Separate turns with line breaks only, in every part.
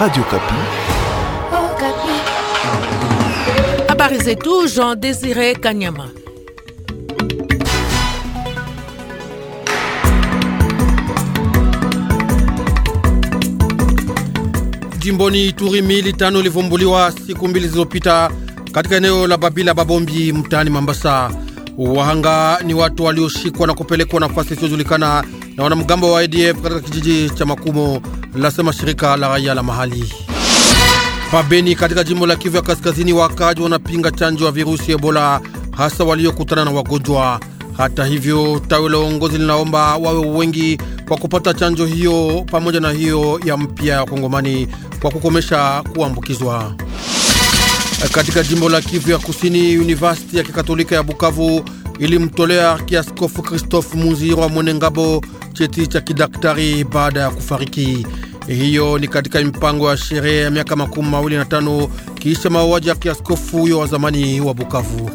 Radio Kapi.
Oh, zetu Jean Désiré Kanyama.
Jimboni Ituri mili tano livumbuliwa siku mbili zilizopita katika eneo la Babila Babombi mtaani Mambasa. Wahanga ni watu walioshikwa na kupelekwa nafasi isiyojulikana na wanamgambo wa ADF katika kijiji cha Makumo lasema shirika la raia la mahali. Pabeni katika jimbo la Kivu ya Kaskazini, wakaaji wanapinga chanjo ya virusi Ebola, hasa waliokutana na wagonjwa. Hata hivyo, tawi la uongozi linaomba wawe wengi kwa kupata chanjo hiyo, pamoja na hiyo ya mpya ya Kongomani kwa kukomesha kuambukizwa. Katika jimbo la Kivu ya Kusini, Univesiti ya Kikatolika ya Bukavu ilimtolea kiaskofu Christophe Muzirwa Mwenengabo cheti cha kidaktari baada ya kufariki. Hiyo ni katika mpango ya sherehe ya miaka makumi mawili na tano kisha mauaji ya kiaskofu huyo wa zamani wa Bukavu.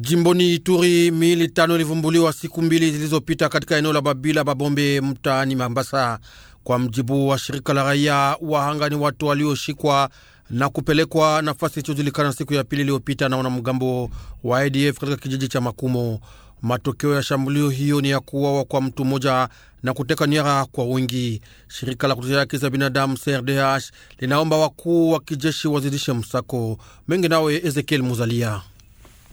Jimboni Ituri, miili tano ilivumbuliwa siku mbili zilizopita katika eneo la Babila Babombe mtaani Mambasa. Kwa mjibu wa shirika la raia, wahanga ni watu walioshikwa na kupelekwa nafasi isiyojulikana siku ya pili iliyopita na wanamgambo wa ADF katika kijiji cha Makumo. Matokeo ya shambulio hiyo ni ya kuuawa kwa mtu mmoja na kuteka nyara kwa wingi. Shirika la kutetea haki za binadamu CRDH linaomba wakuu wa kijeshi wazidishe msako mengi. Nawe Ezekiel Muzalia.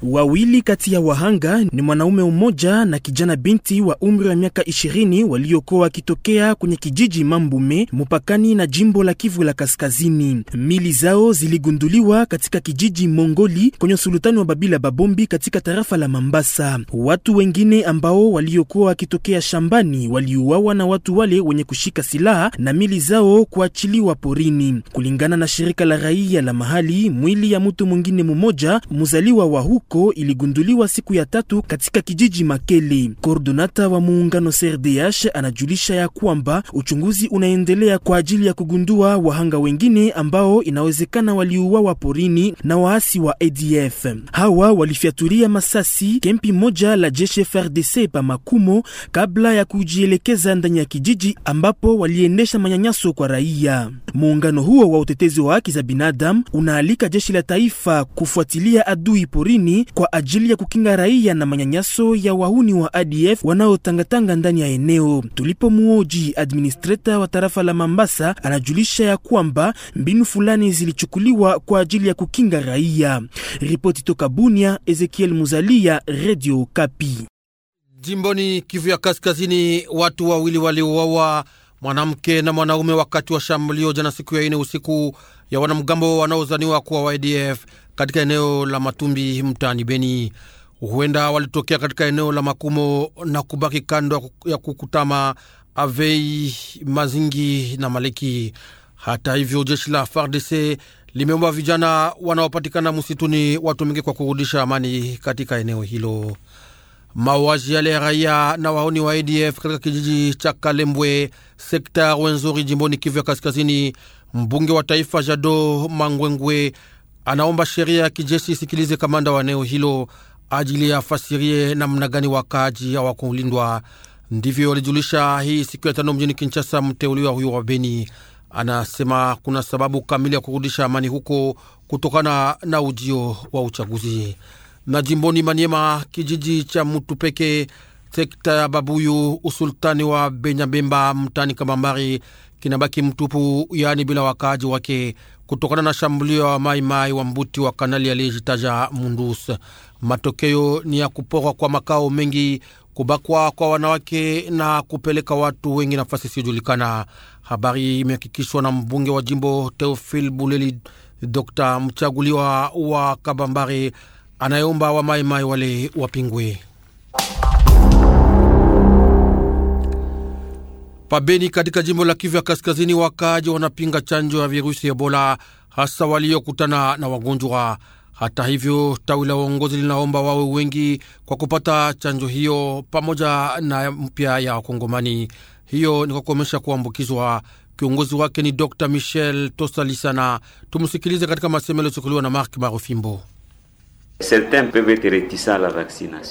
Wawili kati ya wahanga ni mwanaume mmoja na kijana binti wa umri wa miaka ishirini waliokuwa wakitokea kwenye kijiji Mambume mpakani na jimbo la Kivu la Kaskazini. Mili zao ziligunduliwa katika kijiji Mongoli kwenye usultani wa Babila Babombi katika tarafa la Mambasa. Watu wengine ambao waliokuwa wakitokea shambani waliuawa na watu wale wenye kushika silaha na mili zao kuachiliwa porini. Kulingana na shirika la raia la mahali, mwili ya mtu mwingine mmoja mzaliwa wa huko Kodeko iligunduliwa siku ya tatu katika kijiji Makele. Koordonata wa muungano CRDH anajulisha ya kwamba uchunguzi unaendelea kwa ajili ya kugundua wahanga wengine ambao inawezekana waliuawa porini na waasi wa ADF. Hawa walifyaturia masasi kempi moja la jeshi FRDC pa Makumo kabla ya kujielekeza ndani ya kijiji ambapo waliendesha manyanyaso kwa raia. Muungano huo wa utetezi wa haki za binadamu unaalika jeshi la taifa kufuatilia adui porini kwa ajili ya kukinga raia na manyanyaso ya wahuni wa ADF wanaotangatanga ndani ya eneo. muoji administrator wa tarafa la Mambasa, anajulisha ya kwamba mbinu fulani zilichukuliwa kwa ajili ya kukinga raia. Ripoti toka Bunia, Ezekiel Muzalia, Radio Kapi.
Jimboni Kivu ya Kaskazini, watu wawili waliuawa mwanamke na mwanaume wakati wa shambulio jana siku ya ine usiku ya wanamgambo wanaozaniwa kuwa wa ADF katika eneo la Matumbi mtaani Beni. Huenda walitokea katika eneo la Makumo na kubaki kando ya kukutama Avei, Mazingi na Maleki. Hata hivyo, jeshi la FARDC limeomba vijana wanaopatikana msituni watumike kwa kurudisha amani katika eneo hilo. Mauaji yale ya raia na waoni wa ADF katika kijiji cha Kalembwe, sekta ya Wenzori, jimboni Kivu ya Kaskazini. Mbunge wa taifa Jado Mangwengwe anaomba sheria ya kijeshi isikilize kamanda wa eneo hilo ajili ya afasirie namna gani wakaaji hawakulindwa. Ndivyo alijulisha hii siku ya tano mjini Kinshasa mteuliwa huyo wa Beni. Anasema kuna sababu kamili ya kurudisha amani huko kutokana na ujio wa uchaguzi na jimboni Maniema, kijiji cha peke sekta ya Babuyu, usultani wa Benyabemba, mtani Kamambari, kinabaki mtupu, yaani bila wakaaji wake kutokana na shambulio ya wamaimai wa mbuti wa kanali aliyejitaja Mundus. Matokeo ni ya kuporwa kwa makao mengi, kubakwa kwa wanawake na kupeleka watu wengi nafasi isiyojulikana. Habari imehakikishwa na mbunge wa jimbo Teofil Buleli, Dr Mchaguliwa wa Kabambari anayeomba wamaimai wale wapingwe. Pabeni katika jimbo la Kivu ya Kaskazini, wakaaji wanapinga chanjo ya virusi Ebola, hasa waliokutana na wagonjwa. Hata hivyo, tawi la uongozi linaomba wawe wengi kwa kupata chanjo hiyo pamoja na mpya ya Wakongomani. Hiyo ni kwa kuomesha kuambukizwa. Kiongozi wake ni Dr Michel Tosalisana. Tumsikilize katika masemo yaliyochukuliwa na Mark Marofimbo.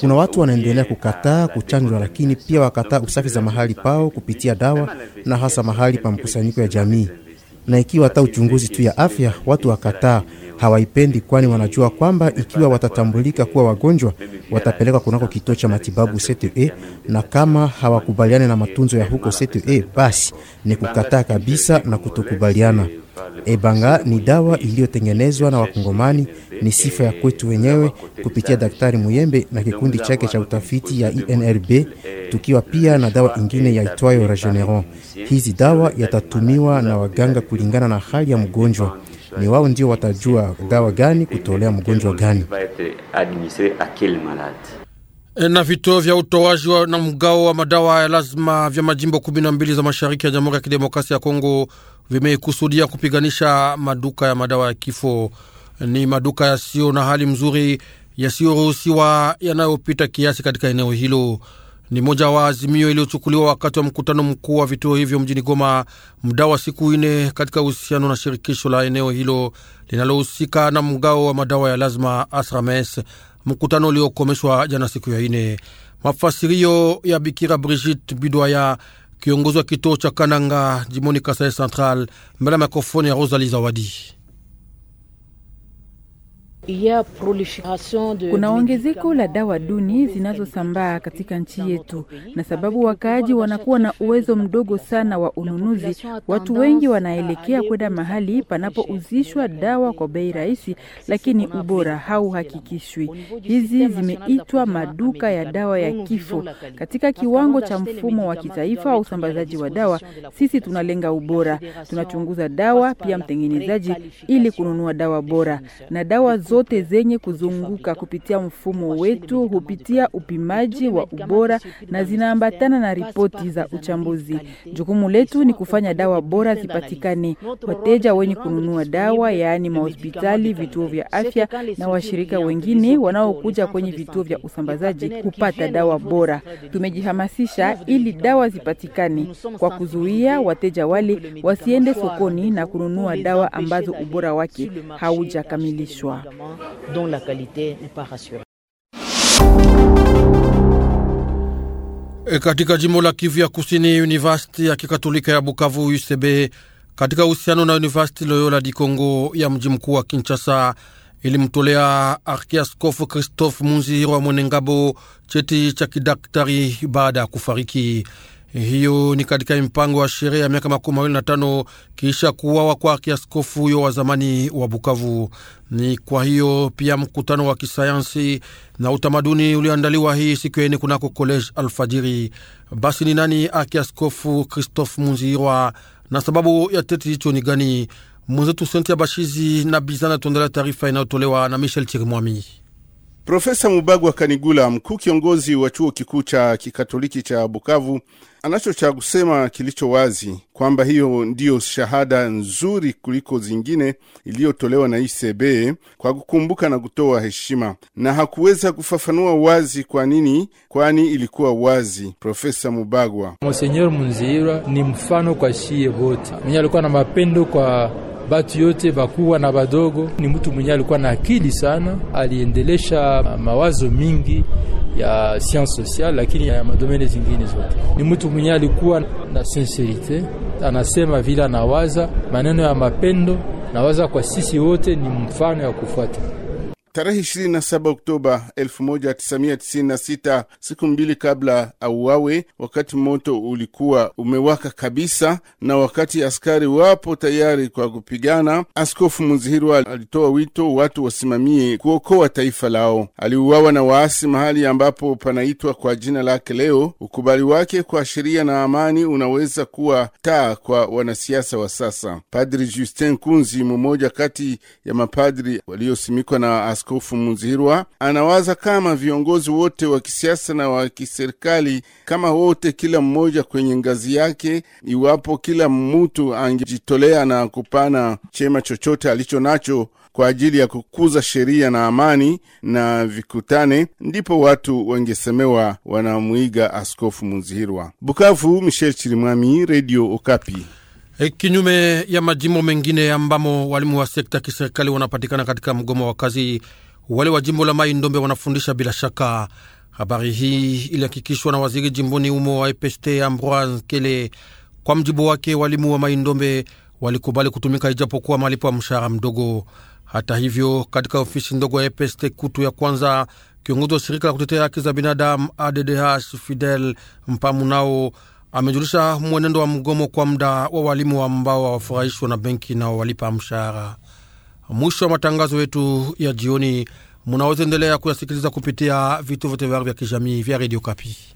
Kuna watu wanaendelea kukataa kuchanjwa, lakini pia wakataa usafi za mahali pao kupitia dawa na hasa mahali pa mkusanyiko ya jamii. Na ikiwa hata uchunguzi tu ya afya watu wakataa, hawaipendi, kwani wanajua kwamba ikiwa watatambulika kuwa wagonjwa watapelekwa kunako kituo cha matibabu CTE, na kama hawakubaliani na matunzo ya huko CTE, basi ni kukataa kabisa na kutokubaliana. Ebanga ni dawa iliyotengenezwa na Wakongomani, ni sifa ya kwetu wenyewe kupitia Daktari Muyembe na kikundi chake cha utafiti ya INRB, tukiwa pia na dawa ingine yaitwayo Regeneron. Hizi dawa yatatumiwa na waganga kulingana na hali ya mgonjwa ni wao ndio watajua dawa gani kutolea mgonjwa
gani.
Eh, na vituo vya utoaji na mgao wa madawa ya lazima vya majimbo kumi na mbili za mashariki ya Jamhuri ya Kidemokrasia ya Kongo vimeikusudia kupiganisha maduka ya madawa ya kifo. Ni maduka yasiyo na hali mzuri yasiyoruhusiwa yanayopita kiasi katika eneo hilo ni moja wa azimio iliyochukuliwa wakati wa mkutano mkuu wa vituo hivyo mjini Goma mda wa siku ine katika uhusiano na shirikisho la eneo hilo linalohusika na mgao wa madawa ya lazima Asrames, mkutano uliokomeshwa jana siku ya ine. Mafasirio ya Bikira Brigit Bidwaya, kiongozi wa kituo cha Kananga jimoni Kasai Central, mbele ya mikrofoni ya Rosali Zawadi.
Kuna ongezeko la dawa duni zinazosambaa katika nchi yetu, na sababu wakaaji wanakuwa na uwezo mdogo sana wa ununuzi, watu wengi wanaelekea kwenda mahali panapouzishwa dawa kwa bei rahisi, lakini ubora hauhakikishwi. Hizi zimeitwa maduka ya dawa ya kifo. Katika kiwango cha mfumo wa kitaifa wa usambazaji wa dawa, sisi tunalenga ubora, tunachunguza dawa pia mtengenezaji, ili kununua dawa bora na dawa zote zenye kuzunguka kupitia mfumo wetu hupitia upimaji wa ubora na zinaambatana na ripoti za uchambuzi. Jukumu letu ni kufanya dawa bora zipatikane. Wateja wenye kununua dawa, yaani mahospitali, vituo vya afya na washirika wengine wanaokuja kwenye vituo vya usambazaji hupata dawa bora. Tumejihamasisha ili dawa zipatikane kwa kuzuia wateja wale wasiende sokoni na kununua dawa ambazo ubora wake haujakamilishwa médicaments dont la qualité n'est pas rassurée.
E, katika jimbo la Kivu ya Kusini, University ya Kikatolika ya Bukavu UCB katika uhusiano na University Loyola di Congo ya mji mkuu wa Kinshasa ilimtolea Arkiaskofu Christophe Munzihirwa Mwenengabo cheti cha kidaktari baada ya kufariki. Hiyo ni katika mpango wa sheria ya miaka makumi mawili na tano kisha kuwawa kwa kiaskofu huyo wa zamani wa Bukavu. Ni kwa hiyo pia mkutano wa kisayansi na utamaduni ulioandaliwa hii siku ya ine kunako College Alfajiri. Basi ni nani akiaskofu Christophe Munzirwa na sababu ya teti hicho ni gani? Mwenzetu Sente ya Bashizi na Bizana tuendelea taarifa inayotolewa na Michel Chirimwami.
Profesa Mubagwa Kanigula, mkuu kiongozi wa chuo kikuu cha kikatoliki cha Bukavu, anacho cha kusema kilicho wazi kwamba hiyo ndiyo shahada nzuri kuliko zingine iliyotolewa na ICB kwa kukumbuka na kutoa heshima, na hakuweza kufafanua wazi kwa nini, kwani ilikuwa wazi. Profesa Mubagwa:
monseigneur Munziira ni mfano kwa shie vote mwenye alikuwa na mapendo kwa batu yote bakuwa na badogo. Ni mtu mwenye alikuwa na akili sana, aliendelesha mawazo mingi ya science sociale, lakini ya madomene
zingine zote. Ni mtu mwenye alikuwa na sincerite, anasema vile anawaza,
maneno ya mapendo nawaza kwa sisi wote, ni mfano ya kufuata.
Tarehe 27 Oktoba 1996, siku mbili kabla auawe, wakati moto ulikuwa umewaka kabisa na wakati askari wapo tayari kwa kupigana, Askofu Muzihirwa alitoa wito watu wasimamie kuokoa taifa lao. Aliuawa na waasi mahali ambapo panaitwa kwa jina lake leo. Ukubali wake kwa sheria na amani unaweza kuwa taa kwa wanasiasa wa sasa. Padri Justin Kunzi, mmoja kati ya mapadri waliosimikwa na Askofu Muzirwa anawaza kama viongozi wote wa kisiasa na wa kiserikali, kama wote, kila mmoja kwenye ngazi yake, iwapo kila mtu angejitolea na kupana chema chochote alicho nacho kwa ajili ya kukuza sheria na amani na vikutane, ndipo watu wangesemewa wanamwiga Askofu Muzihirwa. Bukavu, Michel Chirimwami, Radio Okapi.
E, kinyume ya majimbo mengine ambamo walimu wa sekta ya kiserikali wanapatikana katika mgomo wa kazi, wale wa jimbo la Mai Ndombe wanafundisha bila shaka. Habari hii ilihakikishwa na waziri jimboni humo wa EPST Ambroise Kele. Kwa mjibu wake, walimu wa Mai Ndombe walikubali kutumika ijapokuwa malipo ya mshahara mdogo. Hata hivyo, katika ofisi ndogo ya EPST kutu ya kwanza, kiongozi wa shirika la kutetea haki za binadamu ADDH Fidel Mpamunao amejulisha mwenendo wa mgomo kwa muda wa walimu ambao wawafurahishwa na benki na walipa mshahara. Mwisho wa matangazo yetu ya jioni, munaweza endelea kuyasikiliza kupitia vituo vyote vya kijamii vya redio Kapi.